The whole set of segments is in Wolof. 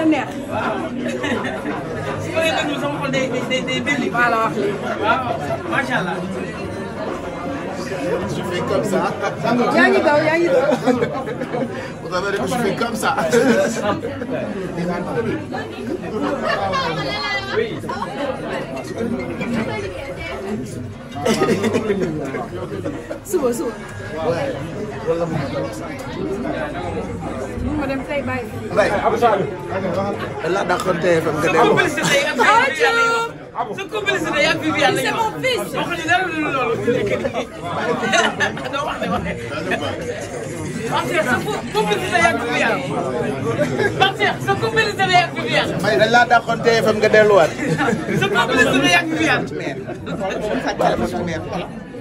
gën a neex. waaw su ma yëgee sama xol day day day belli. maa la wax lii waaw macha allah. je fais comme ça. yaa ngi daw yaa ngi daw. vous avez dit que je fais comme ça. oui. suba suba. waaye wala mu. mun ma dem tey bàyyi. Mbaye. la dàqoon TFM nga dem. sa complicité yaa ngi fi yàlla ñu wax waxuñu dara lu dul loolu fi nekk nii doo wax ne wax ne Pape sa complicité yaa ngi fi yàlla Pape sa complicité yaa ngi fi yàlla. may dañ laa dàqoon TFM nga delluwaat. sa complicité yaa ngi fi yàlla.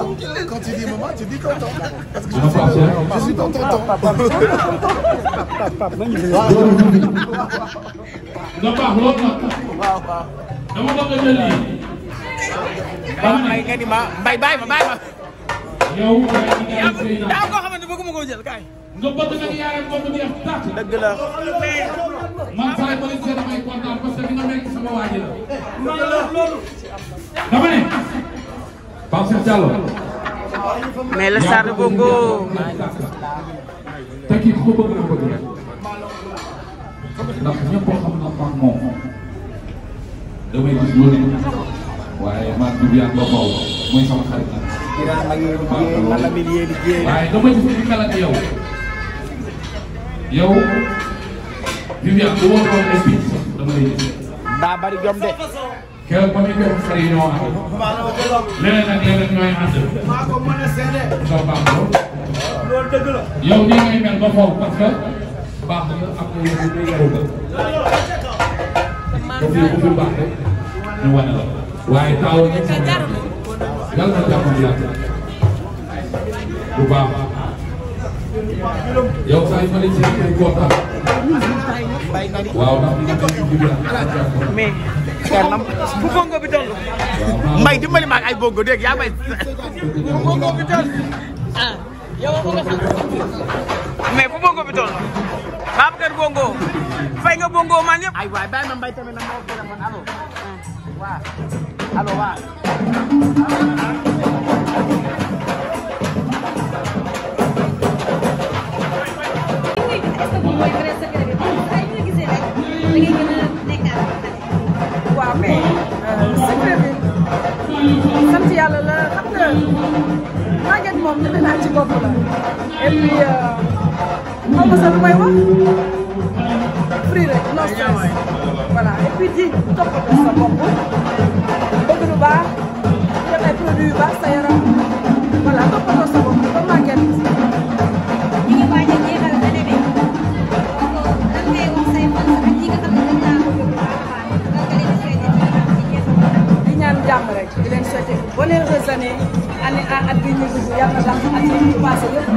papa. Quand tu dis maman, tu dis tonton. Parce que je, je suis ton tonton. nga baax lool nag. dama bëgg a jël lii. mbay nga ni ma mbay bàyyi ma bàyyi ma. yow. daa koo xamante bëgguma koo jël kaay. nga bëgg nag yaayam boobu jeex tàkk. dëgg la. man saa yu bëri see damay kontaan parce que nga nekk sama waa ji la. dama ne. mais la Sarr Bongo. tekki ku ko bëgg a bëgg ndax ñëpp xam na mag moom damay gis loolu waaye man du yàgg ba Mbow mooy sama xarit la. waaye damay gis mel ak yow yow Viviane bu wóor woon dama lay gis. daa bari jom de. keroog ba muy béy xar yi ñoo ànd. leneen ak leneen ñooy ànd. soo baaxoo. yow nii ngay mel ba foofu parce que baax na ak lu lu yarul la. comme ni bu baax rek ñu wane la. waaye taawul ñëpp moom yàlla na jàmm yàgg bu baax. yow saa yu ma leen siy waxee góor waaw ndax ñu ngi xelam bu bongo bi mbay dimbali ma ay bongo dégg yaa may bongo bi toll ah yow ko nga mais bu bongo bi toll Babacar bongo fay nga bongo man yëpp na ma ko moom ñetti naa ci bopp la et euh, free rek no stress voilà et di toppatoo sa bopp bëgg lu baax def ay produits yu baax sa yaram voilà toppatoo yàlla dàq ak yéen ñu passé yëpp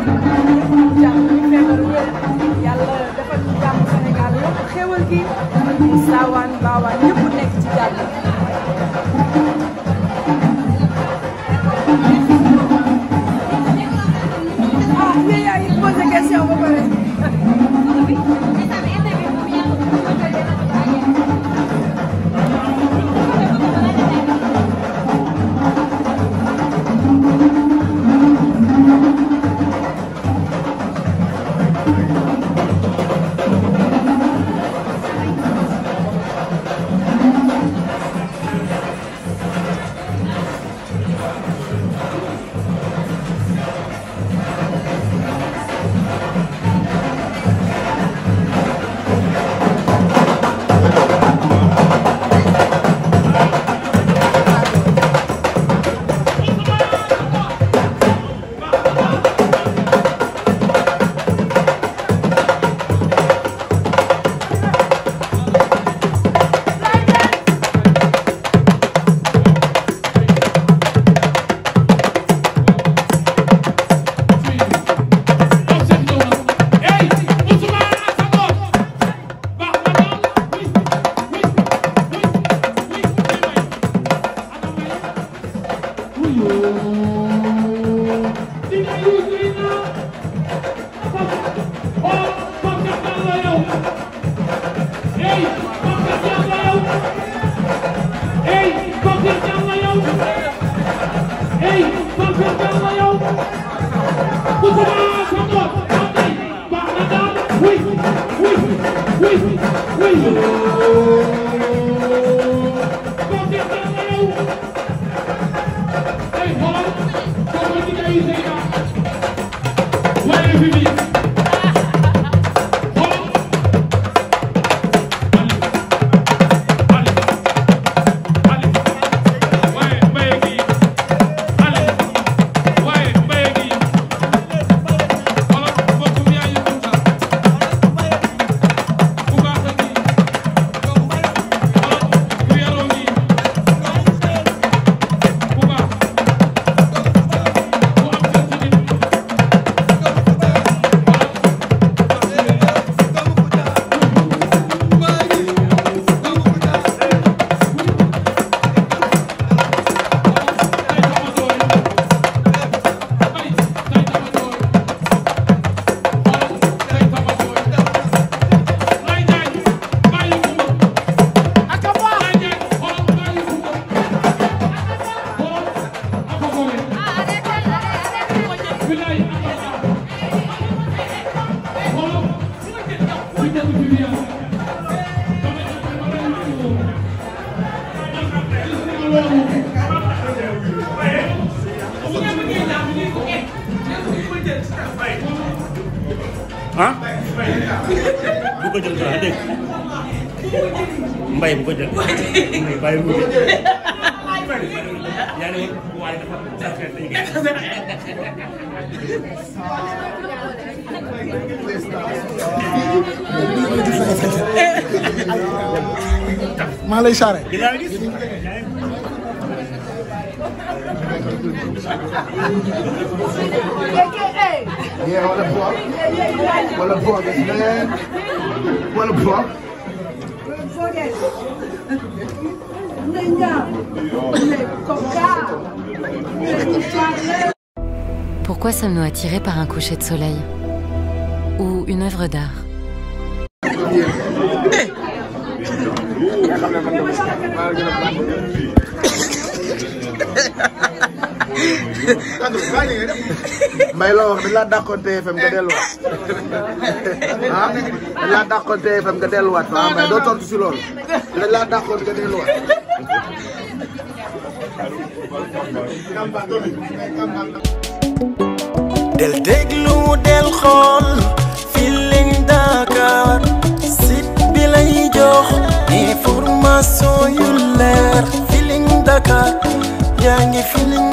Thank you. ah bu maa lay saare Yeah, what the fuck? Pourquoi sommes-nous attirés par un coucher de soleil ou une œuvre d'art mbay loo wax dañ laa ah, ah, del déglu del xool Feeling Dakar site bi jox information yu leer Feeling Dakar yaa ngi Feeling